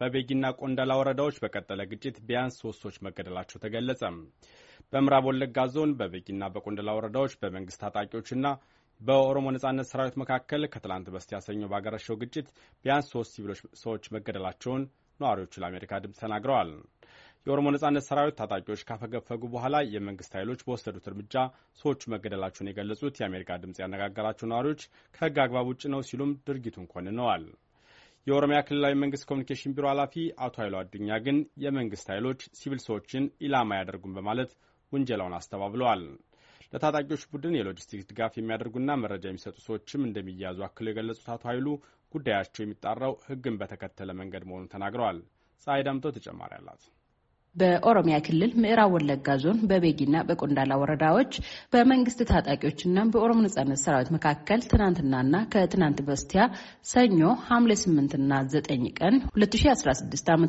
በቤጊና ቆንዳላ ወረዳዎች በቀጠለ ግጭት ቢያንስ ሶስት ሰዎች መገደላቸው ተገለጸ። በምዕራብ ወለጋ ዞን በቤጊና በቆንዳላ ወረዳዎች በመንግስት ታጣቂዎችና በኦሮሞ ነጻነት ሰራዊት መካከል ከትላንት በስቲያ ሰኞ ባገረሸው ግጭት ቢያንስ ሶስት ሲቪሎች ሰዎች መገደላቸውን ነዋሪዎቹ ለአሜሪካ ድምፅ ተናግረዋል። የኦሮሞ ነጻነት ሰራዊት ታጣቂዎች ካፈገፈጉ በኋላ የመንግስት ኃይሎች በወሰዱት እርምጃ ሰዎቹ መገደላቸውን የገለጹት የአሜሪካ ድምፅ ያነጋገራቸው ነዋሪዎች ከህግ አግባብ ውጭ ነው ሲሉም ድርጊቱን ኮንነዋል። የኦሮሚያ ክልላዊ መንግስት ኮሚኒኬሽን ቢሮ ኃላፊ አቶ ኃይሉ አዱኛ ግን የመንግስት ኃይሎች ሲቪል ሰዎችን ኢላማ ያደርጉን በማለት ውንጀላውን አስተባብለዋል። ለታጣቂዎች ቡድን የሎጂስቲክስ ድጋፍ የሚያደርጉና መረጃ የሚሰጡ ሰዎችም እንደሚያዙ አክሎ የገለጹት አቶ ኃይሉ ጉዳያቸው የሚጣራው ህግን በተከተለ መንገድ መሆኑን ተናግረዋል። ፀሐይ ዳምጠው ተጨማሪ አላት። በኦሮሚያ ክልል ምዕራብ ወለጋ ዞን በቤጊና በቆንዳላ ወረዳዎች በመንግስት ታጣቂዎችና በኦሮሞ ነጻነት ሰራዊት መካከል ትናንትናና ከትናንት በስቲያ ሰኞ ሐምሌ 8ና 9 ቀን 2016 ዓ ም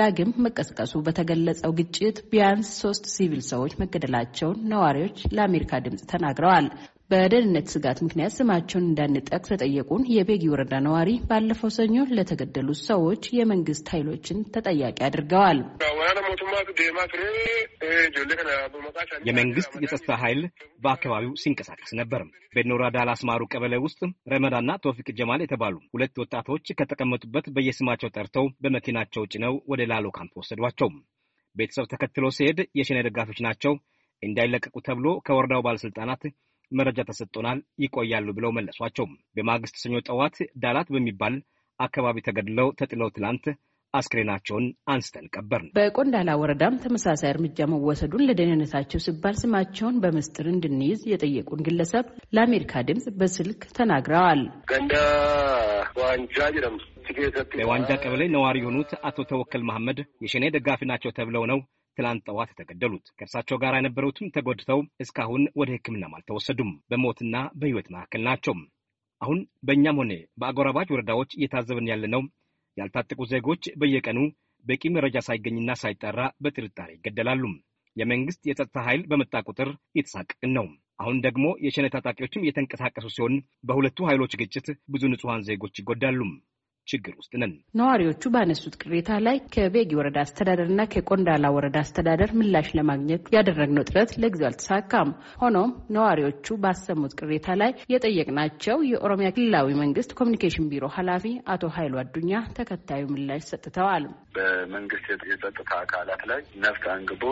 ዳግም መቀስቀሱ በተገለጸው ግጭት ቢያንስ ሶስት ሲቪል ሰዎች መገደላቸውን ነዋሪዎች ለአሜሪካ ድምፅ ተናግረዋል። በደህንነት ስጋት ምክንያት ስማቸውን እንዳንጠቅስ ተጠየቁን የቤጊ ወረዳ ነዋሪ ባለፈው ሰኞ ለተገደሉ ሰዎች የመንግስት ኃይሎችን ተጠያቂ አድርገዋል። የመንግስት የጸጥታ ኃይል በአካባቢው ሲንቀሳቀስ ነበር። በኖራ ላስማሩ ቀበሌ ውስጥ ረመዳና ቶፊቅ ጀማል የተባሉ ሁለት ወጣቶች ከተቀመጡበት በየስማቸው ጠርተው በመኪናቸው ጭነው ወደ ላሎ ካምፕ ወሰዷቸው። ቤተሰብ ተከትሎ ሲሄድ የሸኔ ደጋፊዎች ናቸው እንዳይለቀቁ ተብሎ ከወረዳው ባለስልጣናት መረጃ ተሰጥቶናል ይቆያሉ ብለው መለሷቸው። በማግስት ሰኞ ጠዋት ዳላት በሚባል አካባቢ ተገድለው ተጥለው ትላንት አስክሬናቸውን አንስተን ነው። በቆንዳላ ወረዳም ተመሳሳይ እርምጃ መወሰዱን ለደህንነታቸው ሲባል ስማቸውን በምስጢር እንድንይዝ የጠየቁን ግለሰብ ለአሜሪካ ድምፅ በስልክ ተናግረዋል። ዋንጃ ቀበሌ ነዋሪ የሆኑት አቶ ተወከል መሐመድ የሸኔ ደጋፊ ናቸው ተብለው ነው ትላንት ጠዋት የተገደሉት። ከእርሳቸው ጋር የነበሩትም ተጎድተው እስካሁን ወደ ሕክምናም አልተወሰዱም። በሞትና በሕይወት መካከል ናቸው። አሁን በእኛም ሆነ በአጎራባች ወረዳዎች እየታዘብን ያለነው ያልታጠቁ ዜጎች በየቀኑ በቂ መረጃ ሳይገኝና ሳይጠራ በጥርጣሬ ይገደላሉ። የመንግስት የጸጥታ ኃይል በመጣ ቁጥር እየተሳቀቅን ነው። አሁን ደግሞ የሸነ ታጣቂዎችም እየተንቀሳቀሱ ሲሆን በሁለቱ ኃይሎች ግጭት ብዙ ንጹሐን ዜጎች ይጎዳሉ። ችግር ውስጥ ነን። ነዋሪዎቹ ባነሱት ቅሬታ ላይ ከቤጊ ወረዳ አስተዳደር እና ከቆንዳላ ወረዳ አስተዳደር ምላሽ ለማግኘት ያደረግነው ጥረት ለጊዜው አልተሳካም። ሆኖም ነዋሪዎቹ ባሰሙት ቅሬታ ላይ የጠየቅናቸው የኦሮሚያ ክልላዊ መንግስት ኮሚኒኬሽን ቢሮ ኃላፊ አቶ ኃይሉ አዱኛ ተከታዩ ምላሽ ሰጥተዋል። በመንግስት የጸጥታ አካላት ላይ ነፍጥ አንግቦ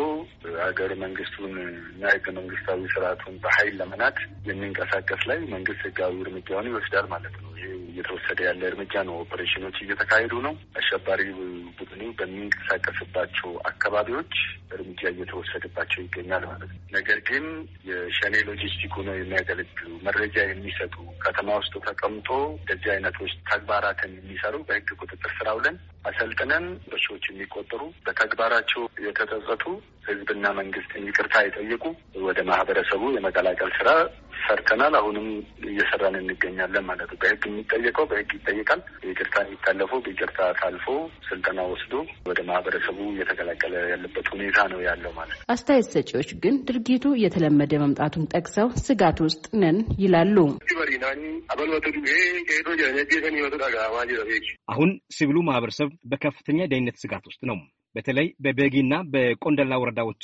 ሀገር መንግስቱን እና ህገ መንግስታዊ ስርዓቱን በኃይል ለመናድ የሚንቀሳቀስ ላይ መንግስት ህጋዊ እርምጃውን ይወስዳል ማለት ነው። ይህ እየተወሰደ ያለ እርምጃ ነው። ኦፕሬሽኖች እየተካሄዱ ነው። አሸባሪ ቡድኑ በሚንቀሳቀስባቸው አካባቢዎች እርምጃ እየተወሰደባቸው ይገኛል ማለት ነው። ነገር ግን የሸኔ ሎጂስቲክ ሆነው የሚያገለግሉ መረጃ የሚሰጡ ከተማ ውስጥ ተቀምጦ እንደዚህ አይነቶች ተግባራትን የሚሰሩ በህግ ቁጥጥር ስር አውለን አሰልጥነን በሺዎች የሚቆጠሩ በተግባራቸው የተጠጸቱ ህዝብና መንግስትን ይቅርታ የጠየቁ ወደ ማህበረሰቡ የመቀላቀል ስራ ሰርተናል። አሁንም እየሰራን እንገኛለን ማለት ነው። በህግ የሚጠየቀው በህግ ይጠየቃል። ይቅርታ የሚታለፉ በይቅርታ ታልፎ ስልጠና ወስዶ ወደ ማህበረሰቡ እየተቀላቀለ ያለበት ሁኔታ ነው ያለው ማለት ነው። አስተያየት ሰጪዎች ግን ድርጊቱ እየተለመደ መምጣቱን ጠቅሰው ስጋት ውስጥ ነን ይላሉ። አሁን ሲቪሉ ማህበረሰብ በከፍተኛ ደህንነት ስጋት ውስጥ ነው። በተለይ በበጊና በቆንደላ ወረዳዎች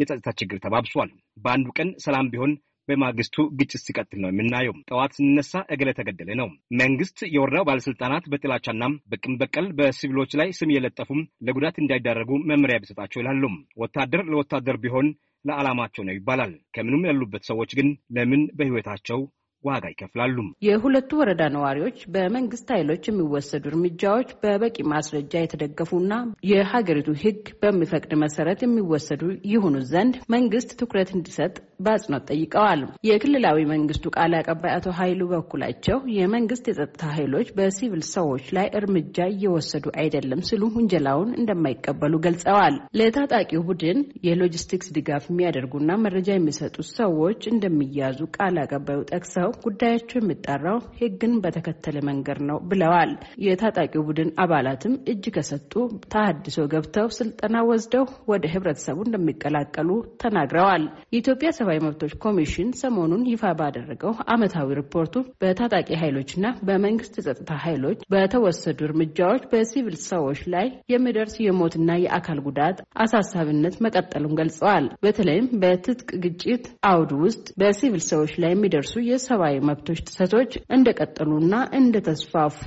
የጸጥታ ችግር ተባብሷል። በአንዱ ቀን ሰላም ቢሆን በማግስቱ ግጭት ሲቀጥል ነው የምናየው። ጠዋት ስንነሳ እገሌ ተገደለ ነው። መንግስት የወረዳው ባለስልጣናት በጥላቻና በቂም በቀል በሲቪሎች ላይ ስም የለጠፉም ለጉዳት እንዳይዳረጉ መመሪያ ቢሰጣቸው ይላሉ። ወታደር ለወታደር ቢሆን ለዓላማቸው ነው ይባላል። ከምንም ያሉበት ሰዎች ግን ለምን በህይወታቸው ዋጋ ይከፍላሉ። የሁለቱ ወረዳ ነዋሪዎች በመንግስት ኃይሎች የሚወሰዱ እርምጃዎች በበቂ ማስረጃ የተደገፉና የሀገሪቱ ሕግ በሚፈቅድ መሰረት የሚወሰዱ ይሆኑ ዘንድ መንግስት ትኩረት እንዲሰጥ በአጽንኦት ጠይቀዋል። የክልላዊ መንግስቱ ቃል አቀባይ አቶ ኃይሉ በኩላቸው የመንግስት የጸጥታ ኃይሎች በሲቪል ሰዎች ላይ እርምጃ እየወሰዱ አይደለም ሲሉ ውንጀላውን እንደማይቀበሉ ገልጸዋል። ለታጣቂው ቡድን የሎጂስቲክስ ድጋፍ የሚያደርጉና መረጃ የሚሰጡ ሰዎች እንደሚያዙ ቃል አቀባዩ ጠቅሰው ጉዳያቸው የሚጣራው ሕግን በተከተለ መንገድ ነው ብለዋል። የታጣቂው ቡድን አባላትም እጅ ከሰጡ ተሃድሶ ገብተው ስልጠና ወስደው ወደ ህብረተሰቡ እንደሚቀላቀሉ ተናግረዋል። የኢትዮጵያ የሰብአዊ መብቶች ኮሚሽን ሰሞኑን ይፋ ባደረገው ዓመታዊ ሪፖርቱ በታጣቂ ኃይሎችና በመንግስት የጸጥታ ኃይሎች በተወሰዱ እርምጃዎች በሲቪል ሰዎች ላይ የሚደርስ የሞትና የአካል ጉዳት አሳሳቢነት መቀጠሉን ገልጸዋል። በተለይም በትጥቅ ግጭት አውድ ውስጥ በሲቪል ሰዎች ላይ የሚደርሱ የሰብአዊ መብቶች ጥሰቶች እንደቀጠሉና እንደተስፋፉ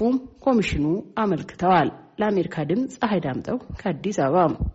ኮሚሽኑ አመልክተዋል። ለአሜሪካ ድምፅ ፀሐይ ዳምጠው ከአዲስ አበባ